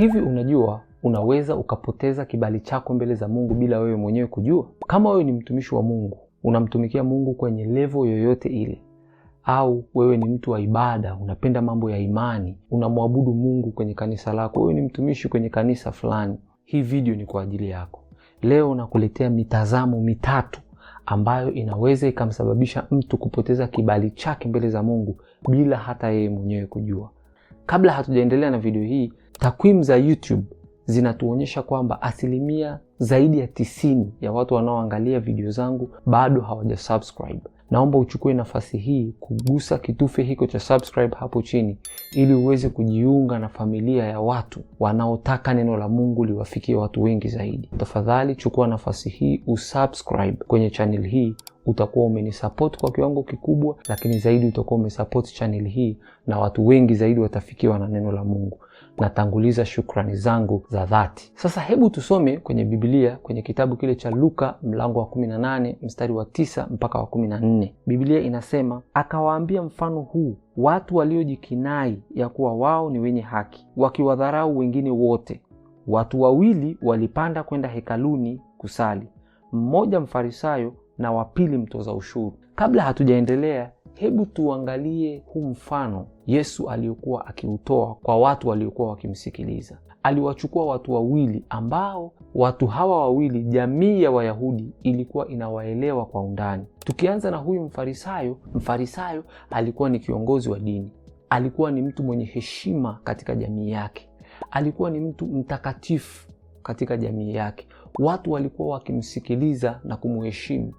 Hivi unajua unaweza ukapoteza kibali chako mbele za Mungu bila wewe mwenyewe kujua? Kama wewe ni mtumishi wa Mungu, unamtumikia Mungu kwenye levo yoyote ile, au wewe ni mtu wa ibada, unapenda mambo ya imani, unamwabudu Mungu kwenye kanisa lako, wewe ni mtumishi kwenye kanisa fulani, hii video ni kwa ajili yako. Leo nakuletea mitazamo mitatu ambayo inaweza ikamsababisha mtu kupoteza kibali chake mbele za Mungu bila hata yeye mwenyewe kujua. Kabla hatujaendelea na video hii, Takwimu za YouTube zinatuonyesha kwamba asilimia zaidi ya tisini ya watu wanaoangalia video zangu bado hawajasubscribe. Naomba uchukue nafasi hii kugusa kitufe hiko cha subscribe hapo chini ili uweze kujiunga na familia ya watu wanaotaka neno la Mungu liwafikie watu wengi zaidi. Tafadhali chukua nafasi hii usubscribe kwenye chaneli hii utakuwa umenisupport kwa kiwango kikubwa, lakini zaidi utakuwa umesupport channel hii na watu wengi zaidi watafikiwa na neno la Mungu. Natanguliza shukrani zangu za dhati. Sasa hebu tusome kwenye Biblia, kwenye kitabu kile cha Luka mlango wa 18 mstari wa 9 mpaka wa 14. Biblia inasema, akawaambia mfano huu watu waliojikinai ya kuwa wao ni wenye haki, wakiwadharau wengine wote. Watu wawili walipanda kwenda hekaluni kusali, mmoja Mfarisayo na wa pili mtoza ushuru. Kabla hatujaendelea, hebu tuangalie huu mfano Yesu aliyokuwa akiutoa kwa watu waliokuwa wakimsikiliza. Aliwachukua watu wawili ambao watu hawa wawili jamii ya Wayahudi ilikuwa inawaelewa kwa undani. Tukianza na huyu Mfarisayo, Mfarisayo alikuwa ni kiongozi wa dini, alikuwa ni mtu mwenye heshima katika jamii yake, alikuwa ni mtu mtakatifu katika jamii yake. Watu walikuwa wakimsikiliza na kumuheshimu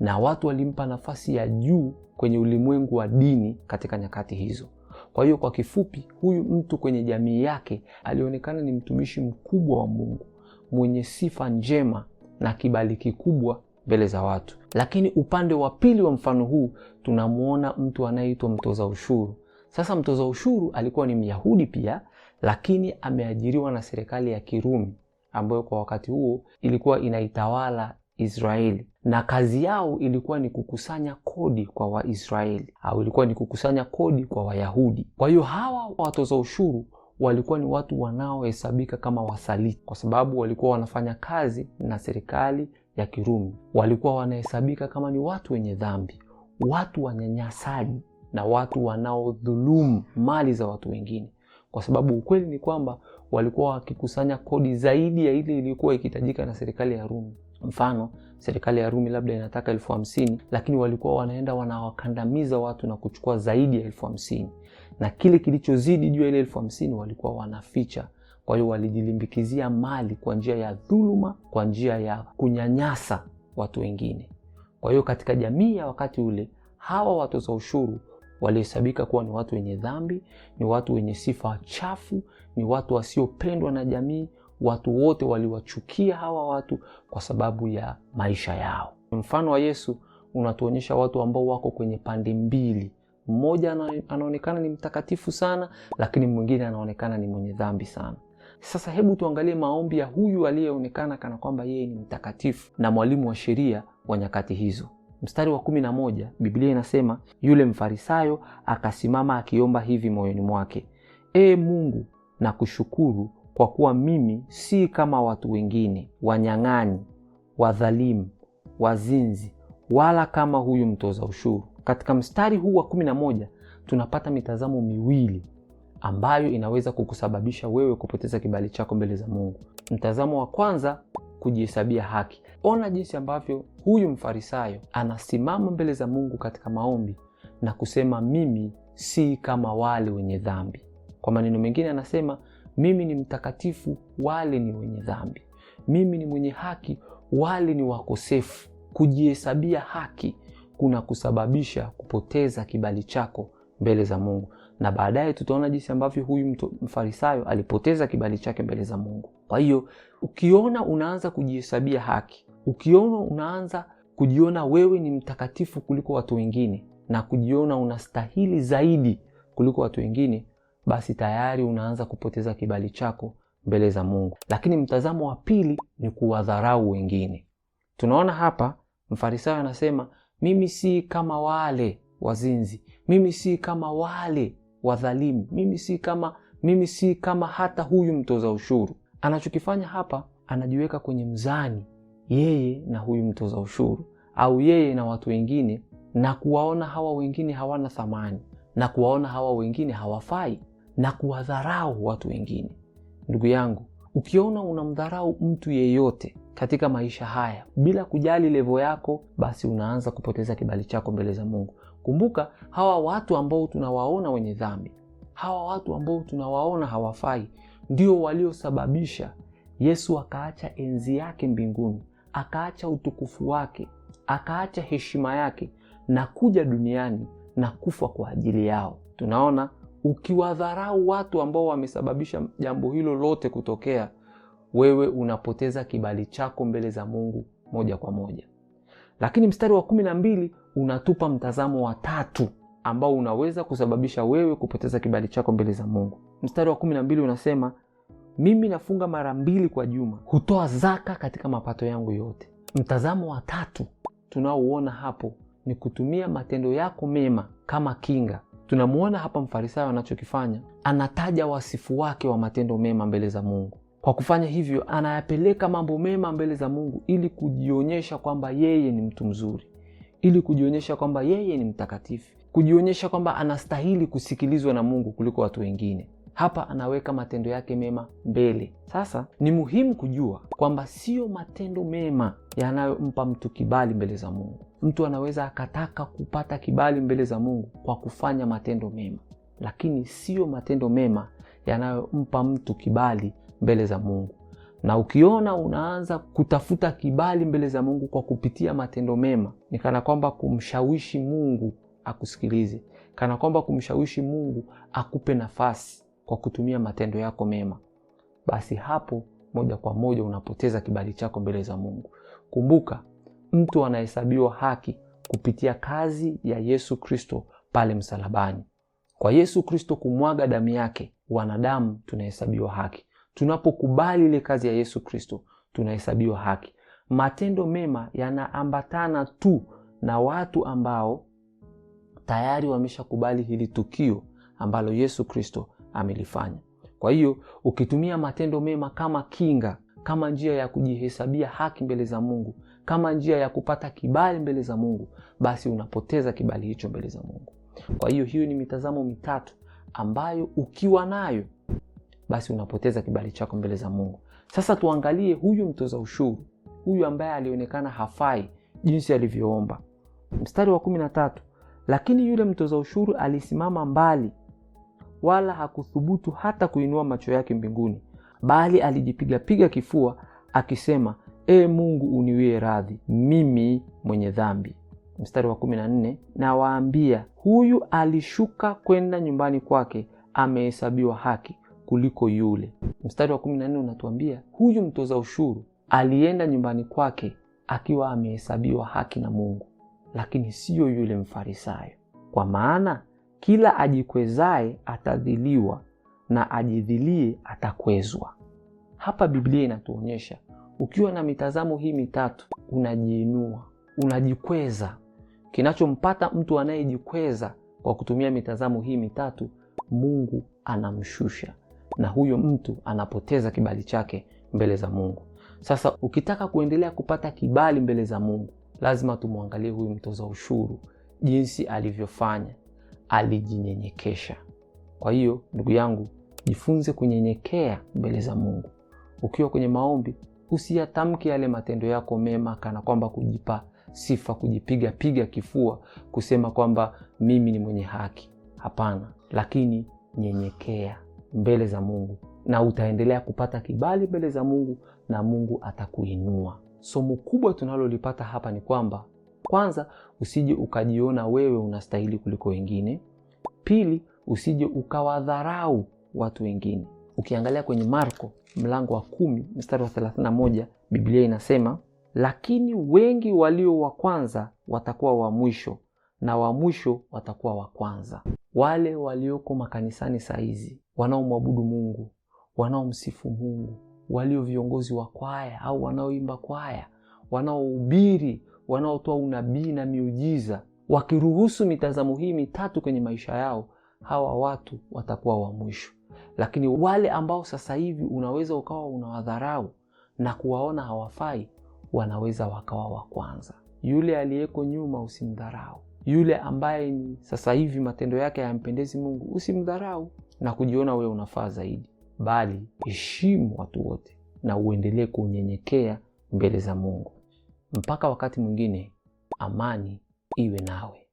na watu walimpa nafasi ya juu kwenye ulimwengu wa dini katika nyakati hizo. Kwa hiyo kwa kifupi, huyu mtu kwenye jamii yake alionekana ni mtumishi mkubwa wa Mungu mwenye sifa njema na kibali kikubwa mbele za watu. Lakini upande wa pili wa mfano huu tunamwona mtu anayeitwa mtoza ushuru. Sasa mtoza ushuru alikuwa ni Myahudi pia, lakini ameajiriwa na serikali ya Kirumi ambayo kwa wakati huo ilikuwa inaitawala Israeli, na kazi yao ilikuwa ni kukusanya kodi kwa Waisraeli au ilikuwa ni kukusanya kodi kwa Wayahudi. Kwa hiyo hawa watoza ushuru walikuwa ni watu wanaohesabika kama wasaliti, kwa sababu walikuwa wanafanya kazi na serikali ya Kirumi. Walikuwa wanahesabika kama ni watu wenye dhambi, watu wanyanyasaji na watu wanaodhulumu mali za watu wengine, kwa sababu ukweli ni kwamba walikuwa wakikusanya kodi zaidi ya ile iliyokuwa ikihitajika na serikali ya Rumi. Mfano, serikali ya Rumi labda inataka elfu hamsini lakini walikuwa wanaenda wanawakandamiza watu na kuchukua zaidi ya elfu hamsini na kile kilichozidi juu ya ile elfu hamsini walikuwa wanaficha. Kwa hiyo walijilimbikizia mali kwa njia ya dhuluma, kwa njia ya kunyanyasa watu wengine. Kwa hiyo katika jamii ya wakati ule, hawa watoza ushuru walihesabika kuwa ni watu wenye dhambi, ni watu wenye sifa chafu, ni watu wasiopendwa na jamii, watu wote waliwachukia hawa watu kwa sababu ya maisha yao. Mfano wa Yesu unatuonyesha watu ambao wako kwenye pande mbili, mmoja anaonekana ni mtakatifu sana, lakini mwingine anaonekana ni mwenye dhambi sana. Sasa hebu tuangalie maombi ya huyu aliyeonekana kana kwamba yeye ni mtakatifu na mwalimu wa sheria wa nyakati hizo. Mstari wa kumi na moja Biblia inasema, yule mfarisayo akasimama akiomba hivi moyoni mwake, Ee Mungu, nakushukuru kwa kuwa mimi si kama watu wengine wanyang'anyi, wadhalimu, wazinzi, wala kama huyu mtoza ushuru. Katika mstari huu wa 11 tunapata mitazamo miwili ambayo inaweza kukusababisha wewe kupoteza kibali chako mbele za Mungu. Mtazamo wa kwanza, kujihesabia haki. Ona jinsi ambavyo huyu mfarisayo anasimama mbele za Mungu katika maombi na kusema, mimi si kama wale wenye dhambi. Kwa maneno mengine, anasema mimi ni mtakatifu, wale ni wenye dhambi. Mimi ni mwenye haki, wale ni wakosefu. Kujihesabia haki kuna kusababisha kupoteza kibali chako mbele za Mungu, na baadaye tutaona jinsi ambavyo huyu Mfarisayo alipoteza kibali chake mbele za Mungu. Kwa hiyo ukiona unaanza kujihesabia haki, ukiona unaanza kujiona wewe ni mtakatifu kuliko watu wengine na kujiona unastahili zaidi kuliko watu wengine, basi tayari unaanza kupoteza kibali chako mbele za Mungu. Lakini mtazamo wa pili ni kuwadharau wengine. Tunaona hapa Mfarisayo anasema mimi si kama wale wazinzi, mimi si kama wale wadhalimu, mimi si kama, mimi si kama hata huyu mtoza ushuru. Anachokifanya hapa, anajiweka kwenye mzani yeye na huyu mtoza ushuru au yeye na watu wengine, na kuwaona hawa wengine hawana thamani na kuwaona hawa wengine hawafai na kuwadharau watu wengine. Ndugu yangu, ukiona unamdharau mtu yeyote katika maisha haya bila kujali levo yako, basi unaanza kupoteza kibali chako mbele za Mungu. Kumbuka, hawa watu ambao tunawaona wenye dhambi, hawa watu ambao tunawaona hawafai, ndio waliosababisha Yesu akaacha enzi yake mbinguni, akaacha utukufu wake, akaacha heshima yake na kuja duniani na kufa kwa ajili yao. Tunaona Ukiwadharau watu ambao wamesababisha jambo hilo lote kutokea, wewe unapoteza kibali chako mbele za Mungu moja kwa moja. Lakini mstari wa kumi na mbili unatupa mtazamo wa tatu ambao unaweza kusababisha wewe kupoteza kibali chako mbele za Mungu. Mstari wa kumi na mbili unasema mimi nafunga mara mbili kwa juma, hutoa zaka katika mapato yangu yote. Mtazamo wa tatu tunaouona hapo ni kutumia matendo yako mema kama kinga tunamwona hapa mfarisayo anachokifanya, anataja wasifu wake wa matendo mema mbele za Mungu. Kwa kufanya hivyo, anayapeleka mambo mema mbele za Mungu ili kujionyesha kwamba yeye ni mtu mzuri, ili kujionyesha kwamba yeye ni mtakatifu, kujionyesha kwamba anastahili kusikilizwa na Mungu kuliko watu wengine. Hapa anaweka matendo yake mema mbele. Sasa ni muhimu kujua kwamba siyo matendo mema yanayompa mtu kibali mbele za Mungu. Mtu anaweza akataka kupata kibali mbele za Mungu kwa kufanya matendo mema, lakini siyo matendo mema yanayompa mtu kibali mbele za Mungu. Na ukiona unaanza kutafuta kibali mbele za Mungu kwa kupitia matendo mema, ni kana kwamba kumshawishi Mungu akusikilize, kana kwamba kumshawishi Mungu akupe nafasi kwa kutumia matendo yako mema, basi hapo moja kwa moja unapoteza kibali chako mbele za Mungu. Kumbuka, mtu anahesabiwa haki kupitia kazi ya Yesu Kristo pale msalabani. Kwa Yesu Kristo kumwaga damu yake, wanadamu tunahesabiwa haki. Tunapokubali ile kazi ya Yesu Kristo, tunahesabiwa haki. Matendo mema yanaambatana tu na watu ambao tayari wameshakubali hili tukio ambalo Yesu Kristo amelifanya. Kwa hiyo ukitumia matendo mema kama kinga, kama njia ya kujihesabia haki mbele za Mungu, kama njia ya kupata kibali mbele za Mungu, basi unapoteza kibali hicho mbele za Mungu. Kwa hiyo hiyo ni mitazamo mitatu ambayo ukiwa nayo basi unapoteza kibali chako mbele za Mungu. Sasa tuangalie huyu mtoza ushuru, huyu ambaye alionekana hafai, jinsi alivyoomba. Mstari wa kumi na tatu, lakini yule mtoza ushuru alisimama mbali, wala hakuthubutu hata kuinua macho yake mbinguni, bali alijipigapiga kifua akisema, E Mungu, uniwie radhi mimi mwenye dhambi. Mstari wa kumi na nne, nawaambia huyu alishuka kwenda nyumbani kwake amehesabiwa haki kuliko yule. Mstari wa kumi na nne unatuambia huyu mtoza ushuru alienda nyumbani kwake akiwa amehesabiwa haki na Mungu, lakini siyo yule Mfarisayo. Kwa maana kila ajikwezaye atadhiliwa na ajidhilie atakwezwa. Hapa Biblia inatuonyesha ukiwa na mitazamo hii mitatu, unajiinua, unajikweza. Kinachompata mtu anayejikweza kwa kutumia mitazamo hii mitatu, Mungu anamshusha, na huyo mtu anapoteza kibali chake mbele za Mungu. Sasa ukitaka kuendelea kupata kibali mbele za Mungu, lazima tumwangalie huyu mtoza ushuru jinsi alivyofanya, alijinyenyekesha. Kwa hiyo ndugu yangu, jifunze kunyenyekea mbele za Mungu. Ukiwa kwenye maombi, usiyatamke yale matendo yako mema kana kwamba kujipa sifa, kujipiga piga kifua, kusema kwamba mimi ni mwenye haki. Hapana, lakini nyenyekea mbele za Mungu na utaendelea kupata kibali mbele za Mungu na Mungu atakuinua. Somo kubwa tunalolipata hapa ni kwamba kwanza, usije ukajiona wewe unastahili kuliko wengine. Pili, usije ukawadharau watu wengine. Ukiangalia kwenye Marko mlango wa kumi mstari wa 31 Biblia inasema, lakini wengi walio wa kwanza watakuwa wa mwisho na wa mwisho watakuwa wa kwanza. Wale walioko makanisani saizi wanaomwabudu Mungu, wanaomsifu Mungu, walio viongozi wa kwaya au wanaoimba kwaya, wanaohubiri, wanaotoa unabii na miujiza, wakiruhusu mitazamo hii mitatu kwenye maisha yao, hawa watu watakuwa wa mwisho. Lakini wale ambao sasa hivi unaweza ukawa unawadharau na kuwaona hawafai, wanaweza wakawa wa kwanza. Yule aliyeko nyuma usimdharau. Yule ambaye ni sasa hivi matendo yake hayampendezi Mungu usimdharau na kujiona wewe unafaa zaidi, bali heshimu watu wote na uendelee kunyenyekea mbele za Mungu. Mpaka wakati mwingine, amani iwe nawe.